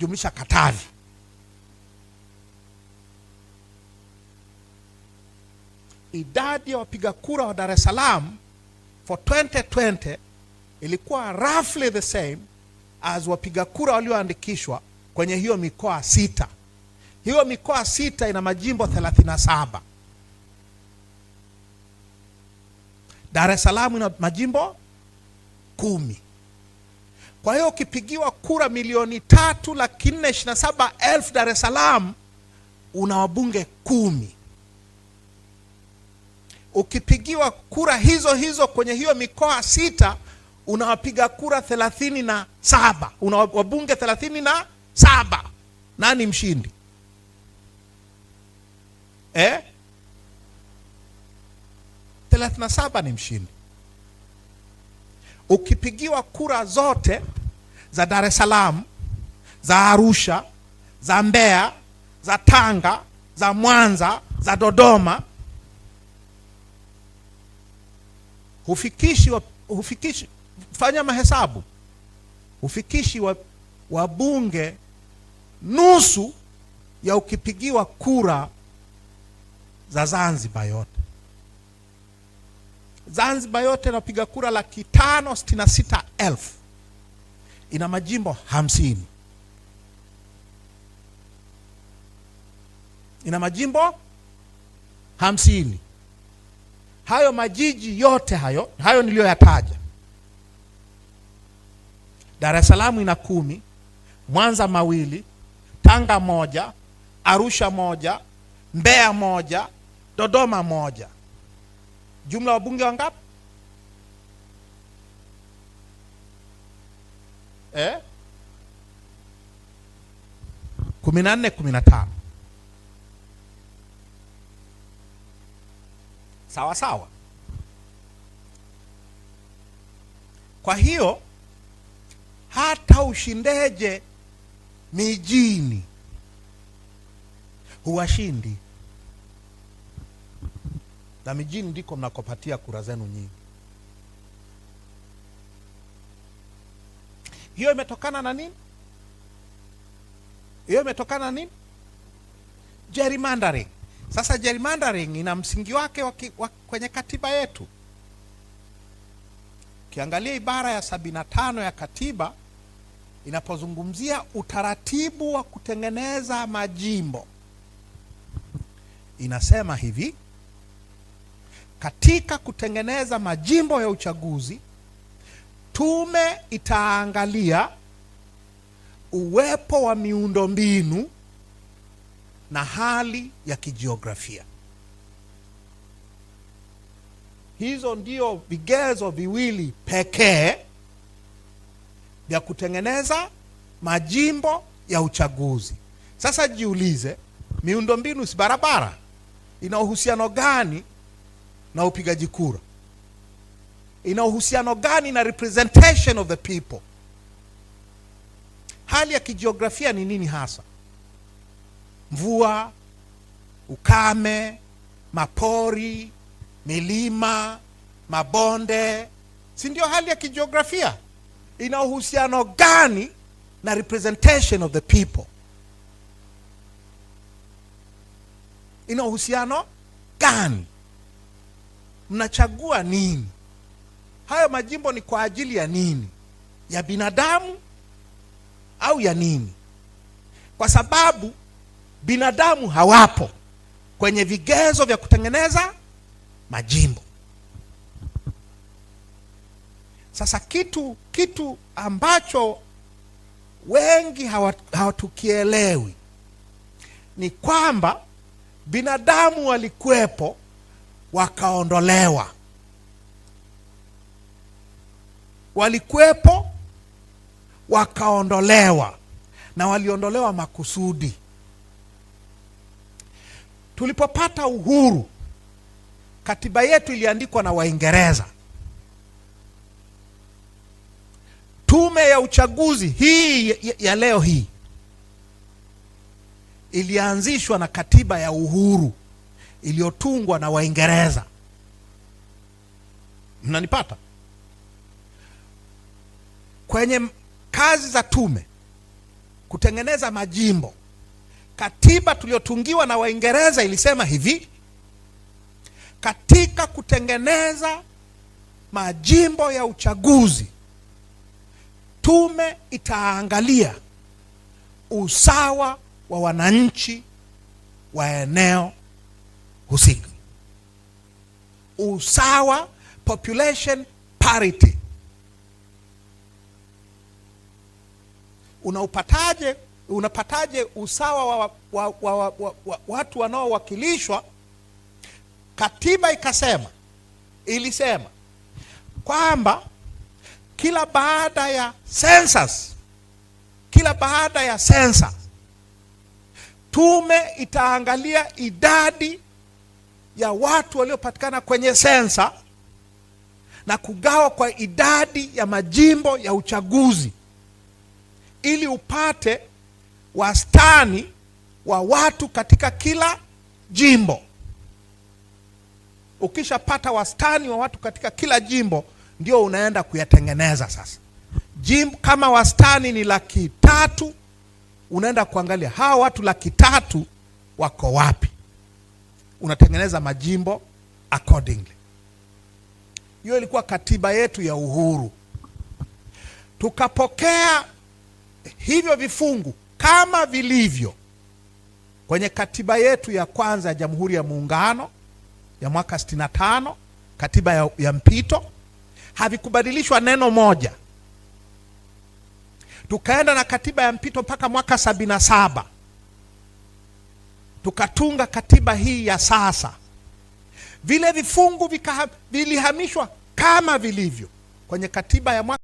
jumlisha Katavi. Idadi ya wapiga kura wa Dar es Salaam for 2020 ilikuwa roughly the same as wapiga kura walioandikishwa kwenye hiyo mikoa sita. Hiyo mikoa sita ina majimbo 37. Dar es Salaam ina majimbo kumi. Kwa hiyo ukipigiwa kura milioni tatu laki nne ishirini na saba elfu Dar es Salaam una wabunge kumi. Ukipigiwa kura hizo hizo kwenye hiyo mikoa sita unawapiga kura thelathini na saba una wabunge thelathini na saba Nani mshindi eh? thelathini na saba ni mshindi ukipigiwa kura zote za Dar es Salaam, za Arusha, za Mbeya, za Tanga, za Mwanza, za Dodoma, hufikishi, hufikishi, fanya mahesabu, hufikishi wabunge wa nusu ya ukipigiwa kura za Zanzibar yote. Zanzibar yote napiga kura laki tano sitini na sita elfu ina majimbo hamsini ina majimbo hamsini hayo majiji yote hayo hayo niliyoyataja. Dar es Salaam ina kumi, Mwanza mawili, Tanga moja, Arusha moja, Mbeya moja, Dodoma moja. Jumla wabunge wangapi? Eh? kumi na nne kumi na tano sawa sawa. Kwa hiyo hata ushindeje mijini huwashindi na mijini ndiko mnakopatia kura zenu nyingi. Hiyo imetokana na nini? Hiyo imetokana na nini? Gerrymandering. Sasa gerrymandering ina msingi wake waki, waki, kwenye katiba yetu. Ukiangalia ibara ya sabini na tano ya katiba inapozungumzia utaratibu wa kutengeneza majimbo inasema hivi: katika kutengeneza majimbo ya uchaguzi, tume itaangalia uwepo wa miundombinu na hali ya kijiografia. Hizo ndio vigezo viwili pekee vya kutengeneza majimbo ya uchaguzi. Sasa jiulize, miundombinu si barabara, ina uhusiano gani na upigaji kura ina uhusiano gani na representation of the people? Hali ya kijiografia ni nini hasa? Mvua, ukame, mapori, milima, mabonde, si ndio hali ya kijiografia? Ina uhusiano gani na representation of the people? Ina uhusiano gani? mnachagua nini? Hayo majimbo ni kwa ajili ya nini? Ya binadamu au ya nini? Kwa sababu binadamu hawapo kwenye vigezo vya kutengeneza majimbo. Sasa kitu kitu ambacho wengi hawatukielewi ni kwamba binadamu walikuwepo wakaondolewa. Walikuwepo wakaondolewa, na waliondolewa makusudi. Tulipopata uhuru, katiba yetu iliandikwa na Waingereza. Tume ya uchaguzi hii ya leo hii ilianzishwa na katiba ya uhuru iliyotungwa na Waingereza. Mnanipata? Kwenye kazi za tume kutengeneza majimbo, katiba tuliyotungiwa na Waingereza ilisema hivi: katika kutengeneza majimbo ya uchaguzi, tume itaangalia usawa wa wananchi wa eneo husika. Usawa, population parity. Unaupataje, unapataje usawa wa, wa, wa, wa, wa, wa watu wanaowakilishwa? Katiba ikasema ilisema kwamba kila baada ya census, kila baada ya sensa tume itaangalia idadi ya watu waliopatikana kwenye sensa na kugawa kwa idadi ya majimbo ya uchaguzi ili upate wastani wa watu katika kila jimbo. Ukishapata wastani wa watu katika kila jimbo, ndio unaenda kuyatengeneza sasa. Jimbo kama wastani ni laki tatu, unaenda kuangalia hawa watu laki tatu wako wapi? unatengeneza majimbo accordingly. Hiyo ilikuwa katiba yetu ya uhuru. Tukapokea hivyo vifungu kama vilivyo kwenye katiba yetu ya kwanza ya Jamhuri ya Muungano ya mwaka 65, katiba ya, ya mpito, havikubadilishwa neno moja. Tukaenda na katiba ya mpito mpaka mwaka 77 tukatunga katiba hii ya sasa, vile vifungu vilihamishwa kama vilivyo kwenye katiba ya mwaka